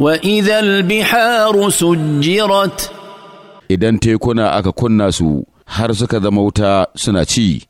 وإذا البحار سجرت إذا تيكونا أكا كنا سو هرسك ذا موتا سنة